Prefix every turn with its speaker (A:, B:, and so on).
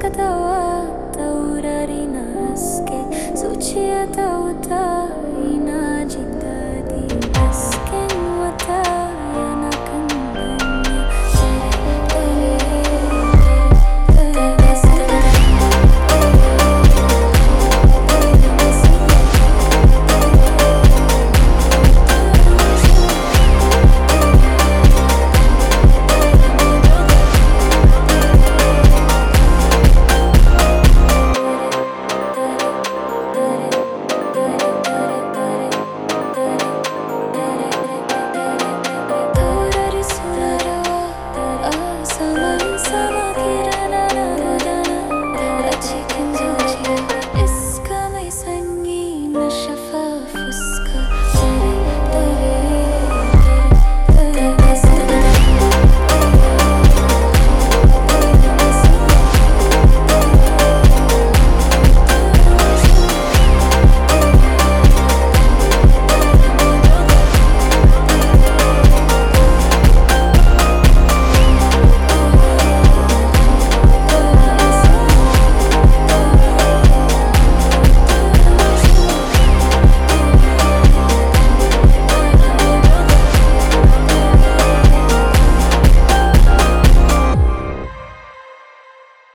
A: kata wa taurari naske suci atau tak